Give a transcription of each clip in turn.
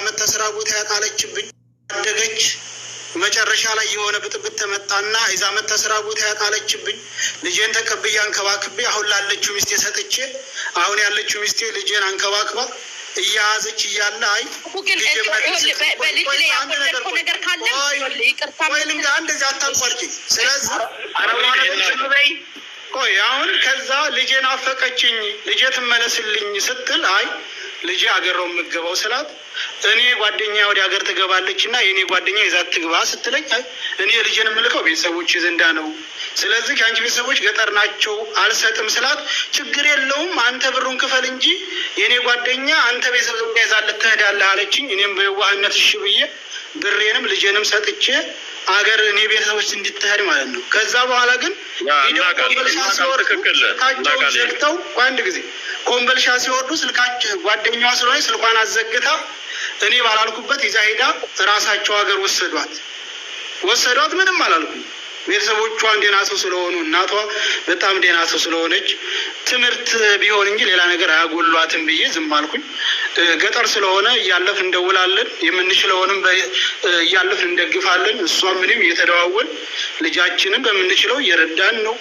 ዓመት ተስራ ቦታ ያጣለችብኝ አደገች። መጨረሻ ላይ የሆነ ብጥብጥ ተመጣና የዛ ዓመት ተስራ ቦታ ያጣለችብኝ ልጄን ተቀብዬ አንከባክቤ አሁን ላለችው ሚስቴ ሰጥቼ አሁን ያለችው ሚስቴ ልጄን አንከባክባ እያያዘች እያለ አይ ቆይ አሁን ከዛ ልጄን አፈቀችኝ ልጄ ትመለስልኝ ስትል አይ ልጄ አገር ነው የምገባው ስላት እኔ ጓደኛ ወደ ሀገር ትገባለች እና የእኔ ጓደኛ ይዛት ትግባ ስትለኝ እኔ ልጅን የምልከው ቤተሰቦች ዘንዳ ነው። ስለዚህ የአንቺ ቤተሰቦች ገጠር ናቸው አልሰጥም ስላት ችግር የለውም አንተ ብሩን ክፈል እንጂ የእኔ ጓደኛ አንተ ቤተሰብ ዘንዳ ይዛለት ትሄዳለህ አለችኝ። እኔም በየዋህነት እሺ ብዬ ብሬንም ልጄንም ሰጥቼ አገር እኔ ቤተሰቦች እንድትሄድ ማለት ነው። ከዛ በኋላ ግን ኮምበልሻ ስልካቸውን ዘግተው አንድ ጊዜ ኮምበልሻ ሲወርዱ ስልካቸው ጓደኛዋ ስለሆነ ስልኳን አዘግታ እኔ ባላልኩበት ይዛ ሄዳ ራሳቸው ሀገር ወሰዷት ወሰዷት። ምንም አላልኩም። ቤተሰቦቿን ደህና ሰው ስለሆኑ እናቷ በጣም ደህና ሰው ስለሆነች ትምህርት ቢሆን እንጂ ሌላ ነገር አያጎሏትም ብዬ ዝም አልኩኝ። ገጠር ስለሆነ እያለፍ እንደውላለን። የምንችለውንም እያለፍ እንደግፋለን። እሷ ምንም እየተደዋወል ልጃችንን በምንችለው እየረዳን ነው።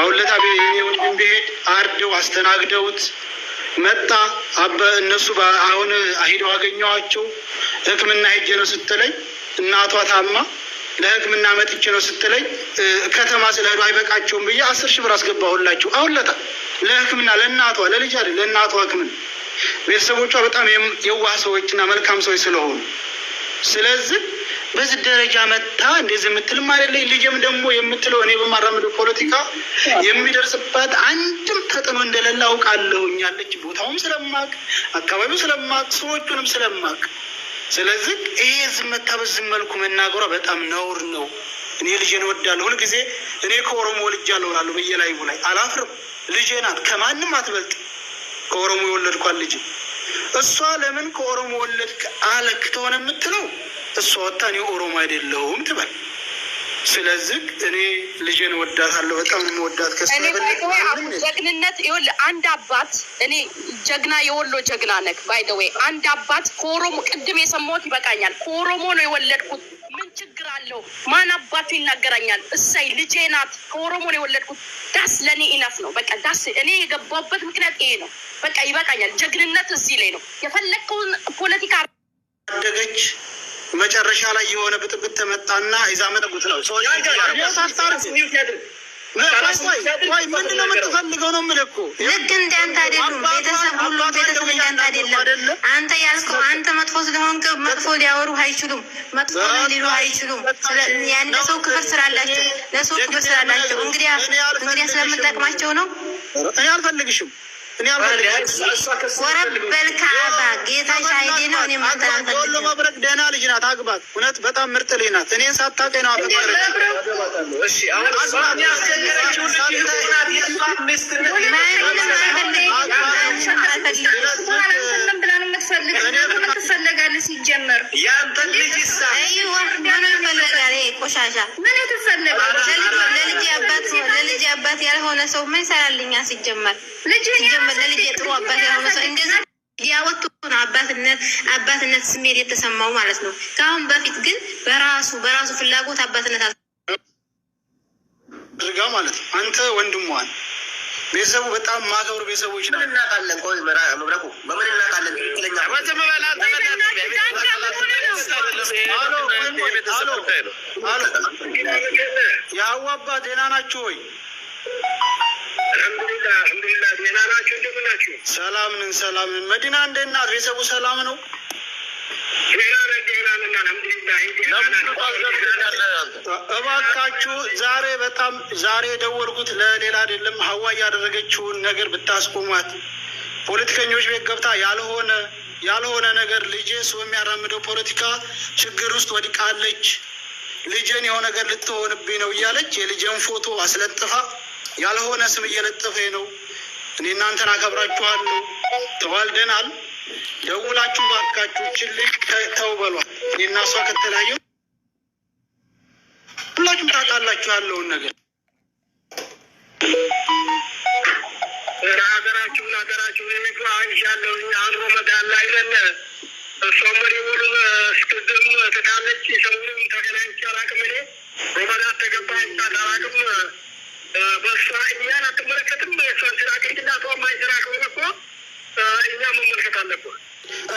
አሁን ለታ የኔ ወንድም ብሄድ አርደው አስተናግደውት መጣ አበ እነሱ አሁን ሄደው አገኘዋቸው። ሕክምና ሄጄ ነው ስትለኝ እናቷ ታማ ለሕክምና መጥቼ ነው ስትለኝ ከተማ ስለሄዱ አይበቃቸውም ብዬ አስር ሺህ ብር አስገባሁላቸው። አሁን ለታ ለሕክምና ለእናቷ ለልጅ አይደል ለእናቷ ሕክምና ቤተሰቦቿ በጣም የዋ ሰዎችና መልካም ሰዎች ስለሆኑ ስለዚህ በዚህ ደረጃ መታ እንደዚህ የምትልም አይደለኝ። ልጅም ደግሞ የምትለው እኔ በማራምደው ፖለቲካ የሚደርስባት አንድም ተጥኖ እንደሌለ አውቃለሁኝ ያለች ቦታውም ስለማቅ፣ አካባቢው ስለማቅ፣ ሰዎቹንም ስለማቅ። ስለዚህ ይሄ ዝም መታ በዚህ መልኩ መናገሯ በጣም ነውር ነው። እኔ ልጄን እወዳለሁ። ሁልጊዜ እኔ ከኦሮሞ ወልጃለሁ እላለሁ በየላዩ ላይ አላፍርም። ልጄ ናት፣ ከማንም አትበልጥ። ከኦሮሞ የወለድኳት ልጅ እሷ ለምን ከኦሮሞ ወለድ አለክ ተሆነ የምትለው እሷ ወጣ እኔ ኦሮሞ አይደለሁም ትበል። ስለዚህ እኔ ልጄን ወዳታለሁ፣ በጣም የምወዳት ከስጀግንነት ጀግንነት አንድ አባት እኔ ጀግና የወሎ ጀግና ነክ ባይደወይ አንድ አባት ከኦሮሞ ቅድም የሰማሁት ይበቃኛል። ከኦሮሞ ነው የወለድኩት ችግር አለው? ማን አባቱ ይናገራኛል? እሰይ ልጄ ናት፣ ከኦሮሞ ነው የወለድኩት። ዳስ ለእኔ ኢነፍ ነው። በቃ ዳስ እኔ የገባሁበት ምክንያት ይሄ ነው። በቃ ይበቃኛል። ጀግንነት እዚህ ላይ ነው። የፈለግከውን ፖለቲካ አደገች መጨረሻ ላይ የሆነ ብጥብጥ ተመጣና ይዛ መጠጉት ነው ሰዎች ምንድን ነው የምትፈልገው? ልክ እንደ አንተ አይደሉም። ቤተሰብ ሁሉ ቤተሰብ እንደ አንተ አይደለም። አንተ ያልከው አንተ መጥፎ ስለሆንክ መጥፎ ሊያወሩ አይችሉም፣ መጥፎ ሊሉ አይችሉም። ያን ለሰው ክብር ስላላቸው ለሰው ክፍር ስላላቸው እንግዲያ እንግዲያ ስለምጠቅማቸው ነው። እኔ አልፈልግሽም ወረበልካባ ጌታ እኔ ወሎ መብረቅ ደህና ልጅ ናት፣ አግባት። እውነት በጣም ምርጥ ልጅ ናት። እኔን ሳታውቅ ነው ምንም አይፈልግ ቆሻሻ ምን የተፈለገ ለልጅ አባት ለልጅ አባት ያልሆነ ሰው ምን ይሰራልኛ? ሲጀመር ሲጀመር ለልጅ ጥሩ አባት ያልሆነ ሰው እንደዛ ያወጡ ነው አባትነት አባትነት ስሜት የተሰማው ማለት ነው። ከአሁን በፊት ግን በራሱ በራሱ ፍላጎት አባትነት አድርጋ ማለት ነው። አንተ ወንድሟን ቤተሰቡ በጣም ማከብሩ ቤተሰቦች ናቸው። እናቃለን። ቆይ መብረቁ በምን እናቃለን? ትክክለኛ የአዋ አባት ደህና ናችሁ ወይ? ሰላም ነን፣ ሰላም ነን። መዲና እንደናት ቤተሰቡ ሰላም ነው። እባካችሁ ዛሬ በጣም ዛሬ የደወልኩት ለሌላ አይደለም። ሀዋ ያደረገችውን ነገር ብታስቆሟት። ፖለቲከኞች ቤት ገብታ ያልሆነ ያልሆነ ነገር ልጄ እሱ የሚያራምደው ፖለቲካ ችግር ውስጥ ወድቃለች፣ ልጄን የሆነ ነገር ልትሆንብኝ ነው እያለች የልጄን ፎቶ አስለጥፋ ያልሆነ ስም እየለጠፈ ነው። እኔ እናንተን አከብራችኋለሁ፣ ተዋልደናል ደውላችሁ ባካችሁ ችል ተው በሏል። እኔና እሷ ከተለያዩ ሁላችሁም ታውቃላችሁ ያለውን ነገር ሀገራችሁን ሀገራችሁን የሚቱ አንሻለሁ አብሮ መዳን ላይ ለን እሷም ወደ ወሉም ትታለች። ሰውም ተገናኝቼ አላውቅም። እኔ በመዳት ተገባ አንሳት አላውቅም። በእሷ እኛን አትመለከትም። እሷን ስራ ቅንጭላ ሰው ማይስራ ከሆነ እኮ እኛ መመልከት አለብን።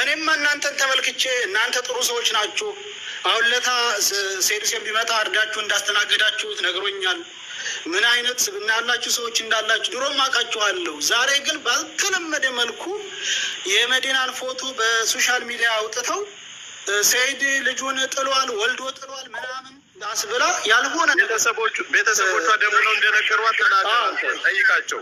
እኔም እናንተን ተመልክቼ እናንተ ጥሩ ሰዎች ናችሁ። አሁን ለታ ሴድሴን ቢመጣ እርዳችሁ እንዳስተናገዳችሁት ነግሮኛል። ምን አይነት ስብዕና ያላችሁ ሰዎች እንዳላችሁ ድሮም አውቃችኋለሁ። ዛሬ ግን ባልተለመደ መልኩ የመዲናን ፎቶ በሶሻል ሚዲያ አውጥተው ሰይድ ልጁን ጥሏል፣ ወልዶ ጥሏል ምናምን ዳስ ብላ ያልሆነ ቤተሰቦቿ ደግሞ ነው እንደነገሯት ጠይቃቸው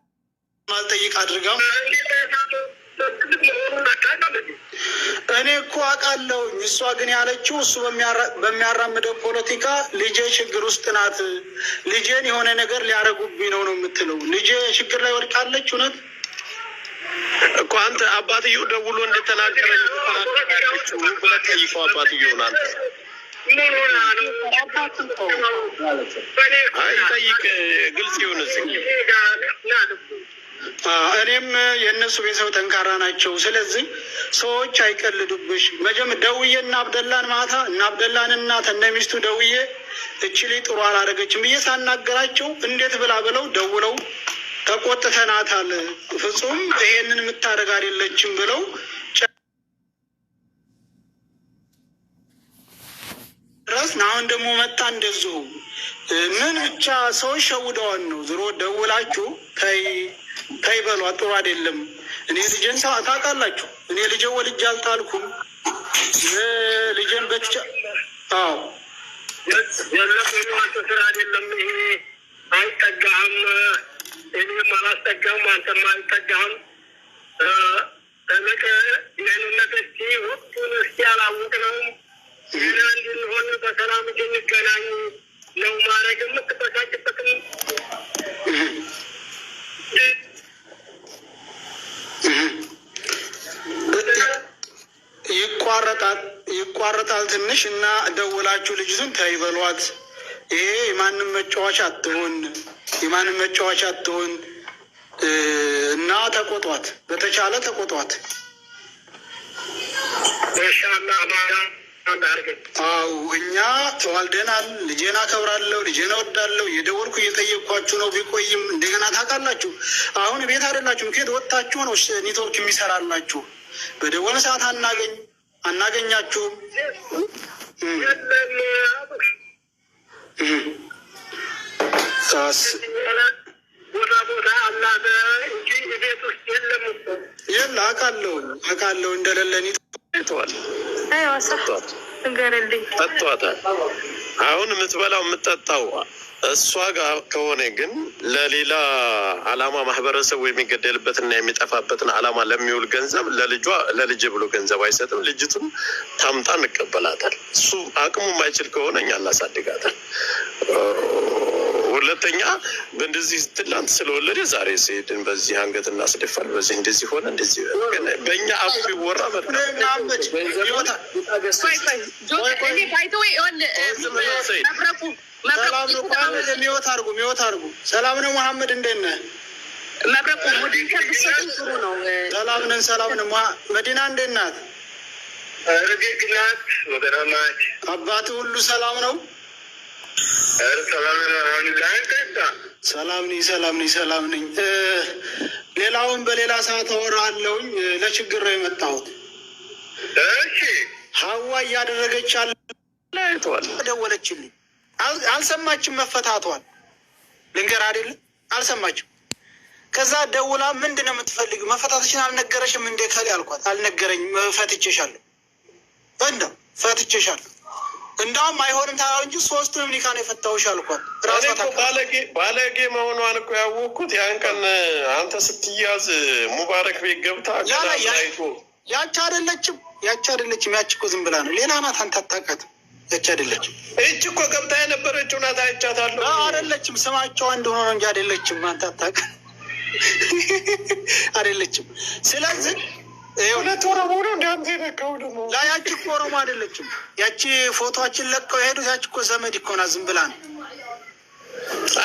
እሷ ግን ያለችው እሱ በሚያራምደው ፖለቲካ ልጄ ችግር ውስጥ ናት፣ ልጄን የሆነ ነገር ሊያደርጉብኝ ነው ነው የምትለው። ልጄ ችግር ላይ ወድቃለች። እውነት እኮ አንተ አባትዮ ደውሎ እንደተናገረ ግልጽ የሆነ እኔም የእነሱ ቤተሰብ ጠንካራ ናቸው። ስለዚህ ሰዎች አይቀልዱብሽ። መጀም ደውዬ እና አብደላን ማታ እና አብደላን እና ተነሚስቱ ደውዬ እችሊ ጥሩ አላደረገችም ብዬ ሳናገራቸው እንዴት ብላ ብለው ደውለው ተቆጥተናታል፣ ፍጹም ይሄንን የምታደርግ አይደለችም ብለው ድረስ አሁን ደግሞ መጣ እንደዚሁ ምን ብቻ ሰዎች ሸውደዋን ነው ዝሮ ደውላችሁ ከይ ተይ አጥሩ ጥሩ አይደለም። እኔ ልጄን ታውቃላችሁ፣ እኔ ልጄን ወልጄ አልጣልኩም። ልጄን በቻ አዎ ስራ አይደለም ይሄ አይጠጋህም፣ እኔም አላስጠጋህም፣ አንተም አይጠጋህም። እልቅ የእኔነት እስቲ እስቲ እንድንሆን በሰላም ነው ማድረግ የምትበሳጭበትም ይቋረጣል ትንሽ እና ደውላችሁ ልጅቱን ተይበሏት። ይሄ የማንም መጫወቻ አትሆን፣ የማንም መጫወቻ አትሆን እና ተቆጧት፣ በተቻለ ተቆጧት። አዎ እኛ ተዋልደናል። ልጄን አከብራለሁ፣ ልጄን እወዳለሁ። የደወልኩ እየጠየቅኳችሁ ነው። ቢቆይም እንደገና ታውቃላችሁ፣ አሁን ቤት አይደላችሁም። ከየት ወጥታችሁ ነው ኔትወርክ የሚሰራላችሁ? በደወል ሰዓት አናገኝ አናገኛችሁም? ቦታ ቦታ እንጂ ቤት ውስጥ የለም የለ አቃለው አቃለው እንደሌለን ይጠዋል ጠጥቷታል። አሁን የምትበላው የምጠጣው እሷ ጋር ከሆነ ግን ለሌላ አላማ ማህበረሰቡ የሚገደልበትና የሚጠፋበትን አላማ ለሚውል ገንዘብ ለልጇ ለልጅ ብሎ ገንዘብ አይሰጥም። ልጅቱም ታምጣ እንቀበላታል። እሱ አቅሙ ማይችል ከሆነ እኛ እናሳድጋታል። ሁለተኛ በእንደዚህ ትላንት ስለወለደ ዛሬ ሲሄድን በዚህ አንገት እናስደፋል፣ በዚህ እንደዚህ ሆነ፣ እንደዚህ በእኛ አፍ ይወራ ሚወት አርጉ ሚወት አርጉ። ሰላም ነው መሐመድ፣ እንዴት ነህ? መብረቁ ነው። ሰላም ነን፣ ሰላም ነን። መዲና እንዴት ናት? አባት ሁሉ ሰላም ነው። ሰላም ነኝ፣ ሰላም ነኝ፣ ሰላም ነኝ። ሌላውን በሌላ ሰዓት አወራለሁኝ። ለችግር ነው የመጣሁት። ሀዋ እያደረገች ደወለችልኝ፣ አልሰማችም። መፈታቷል ልንገር አይደለም አልሰማችም። ከዛ ደውላ ምንድን ነው የምትፈልግ? መፈታትሽን አልነገረሽም እንደ ከል አልኳት። አልነገረኝ ፈትቼሻለሁ፣ እንደው ፈትቼሻለሁ እንዳውም አይሆንም ታላል እንጂ ሶስቱንም ኒካ ነው የፈታሁሽ አልኳት። ባለጌ መሆኗን እኮ ያወቅኩት ያን ቀን አንተ ስትያዝ ሙባረክ ቤት ገብታ ያቺ አይደለችም። ያቺ አይደለችም። ያቺ እኮ ዝም ብላ ነው። ሌላ ናት። አንተ አታውቃትም። ያቺ አይደለችም። ይህች እኮ ገብታ የነበረችው ናት። አይቻታለሁ። አይደለችም። ስማቸው አንድ ሆኖ ነው እንጂ አይደለችም። አንተ አታውቅም። አይደለችም። ስለዚህ ሁለት ኦሮሞ ነው እንዳንተ የነካው ደግሞ ያቺ እኮ ኦሮሞ አይደለችም። ያቺ ፎቶችን ለቀው የሄዱት ያቺ እኮ ዘመድ ይኮና ዝም ብላ ነው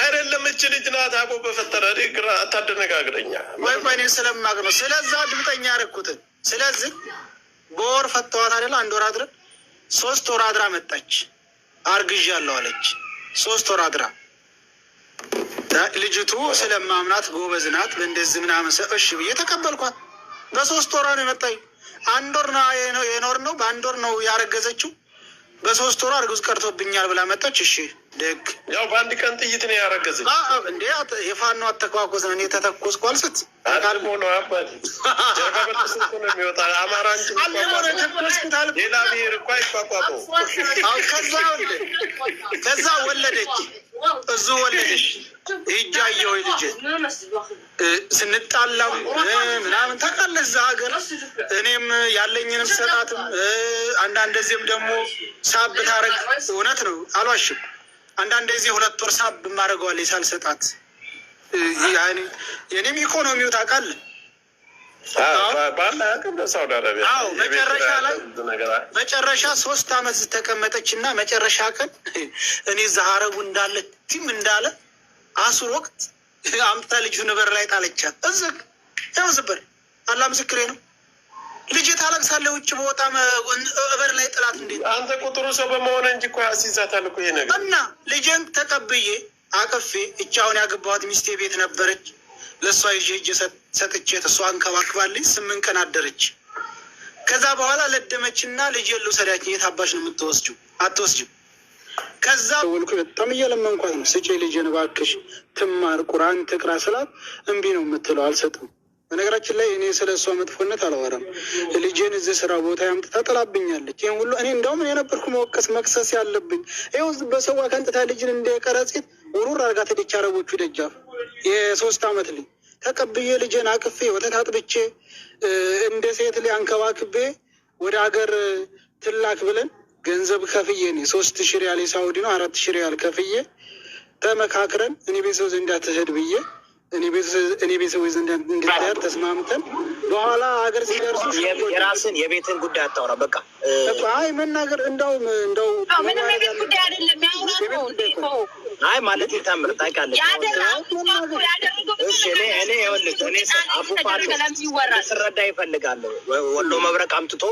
አይደለም። እች ልጅ ናት። አቦ በፈጠረ ግራ ታደነጋግረኛ ወይ ወይ እኔ ስለማቅ ነው። ስለዛ ድምጠኛ ያደረኩትን ስለዚህ በወር ፈተዋት አይደለ? አንድ ወር አድረ ሶስት ወር አድራ መጣች። አርግዣለሁ አለች። ሶስት ወር አድራ ልጅቱ ስለማምናት ጎበዝ ናት። በእንደዚህ ምናምን እሺ ብዬ ተቀበልኳት። በሶስት ወሯ ነው የመጣኝ። አንድ ወር ነው የኖር ነው በአንድ ወር ነው ያረገዘችው። በሶስት ወሯ እርጉዝ ቀርቶብኛል ብላ መጣች። እሺ ደግ ያው በአንድ ቀን ጥይት ነው ያረገዘች። እንዴ የፋኖ አተኳኮስ ነው የተተኮስ ተተኮስኩ አልስት አልሞ ነው አባት የሚወጣ አማራ ሌላ ብሄር እኮ አይቋቋመው። ከዛ ወለደች እዙ ወለደች ሂጅ ስንጣላም ምናምን ታውቃለህ፣ እዛ ሀገር እኔም ያለኝን ሰጣትም አንዳንድ ጊዜም ደግሞ ሳብ ታረግ እውነት ነው፣ አንዳንድ ሁለት ወር ሳብ የኔም ኢኮኖሚው ታውቃለህ መጨረሻ ሶስት አመት ተቀመጠች እና መጨረሻ ቀን እኔ ዛሀረቡ እንዳለ ቲም እንዳለ አሱር ወቅት አምታ ልጁን በር ላይ ጣለቻት። እዝግ ያው ዝበር አላ ምስክሬ ነው። ልጅ ታለቅሳለ ውጭ በወጣም እበር ላይ ጥላት እንዴት አንተ ቁጥሩ ሰው በመሆነ እንጂ እኮ ያስይዛታል እኮ ይሄ ነገር እና ልጅን ተቀብዬ አቅፌ እቻውን አሁን ያገባኋት ሚስቴ ቤት ነበረች። ለእሷ ይዤ እጅ ሰጥቼ እሷ አንከባክባልኝ ስምንት ቀን አደረች። ከዛ በኋላ ለደመችና ልጅ የሉ ሰዳችን የት አባሽ ነው የምትወስጂው? አትወስጂው ከዛ ወልኩ በጣም እየለመንኳት ነው። ስጪ ልጄን እባክሽ ትማር ቁርአን ትቅራ ስላት እምቢ ነው የምትለው፣ አልሰጥም። በነገራችን ላይ እኔ ስለ እሷ መጥፎነት አላወራም። ልጄን እዚህ ስራ ቦታ ያምጥታ ጥላብኛለች። ይህን ሁሉ እኔ እንደውም የነበርኩ መወቀስ መክሰስ ያለብኝ ይኸው በሰው አከንጥታ ልጅን እንደቀረጽት ውሩር አርጋ ተደቻ አረቦቹ ደጃፍ የሶስት አመት ልኝ ተቀብዬ ልጄን አቅፌ ወተት አጥብቼ እንደ ሴት ላይ አንከባክቤ ወደ ሀገር ትላክ ብለን ገንዘብ ከፍዬ እኔ ሶስት ሺ ሪያል የሳውዲ ነው አራት ሺ ሪያል ከፍዬ ተመካክረን እኔ ቤተሰብ ዘንዳ ትሄድ ብዬ እኔ ቤተሰብ ዘንዳ እንድትሄድ ተስማምተን በኋላ ሀገር ሲደርሱ የራስን የቤትን ጉዳይ አታውራ። በቃ አይ መናገር እንደውም እንደው ምንም የቤት ጉዳይ አይደለም ያውራ። አይ ማለት የታምር ታውቂያለሽ። እኔ ይኸውልሽ ስረዳ ይፈልጋለሁ ወሎ መብረቅ አምጥቶ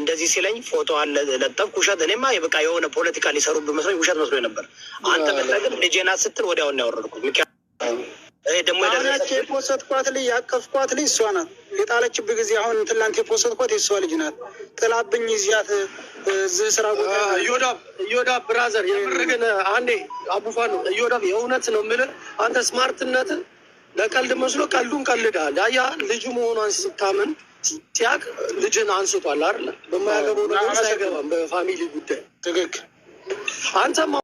እንደዚህ ሲለኝ ፎቶ አለ ለጠፍኩ። ውሸት እኔማ በቃ የሆነ ፖለቲካ ሊሰሩብህ መስሎኝ ውሸት መስሎ ነበር። አንተ መታገል ልጄ ናት ስትል ወዲያውን ያወረድኩት። ደግሞ የፖሰትኳት ልጅ ያቀፍኳት ልጅ እሷ ናት። የጣለችብ ጊዜ አሁን ትላንት የፖሰትኳት የእሷ ልጅ ናት። ጥላብኝ እዚያት እዚህ ስራ ቦታ ዮዳብ ብራዘር የምርግን አንዴ አቡፋን ዮዳብ የእውነት ነው የምልህ አንተ ስማርትነትን ለቀልድ መስሎ ቀልዱን ቀልዳል። ያ ልጁ መሆኗን ስታምን ሲያቅ ልጅን አንስቷል አይደለ? በማያገባው ነገር አይገባም። በፋሚሊ ጉዳይ ትክክል አንተማ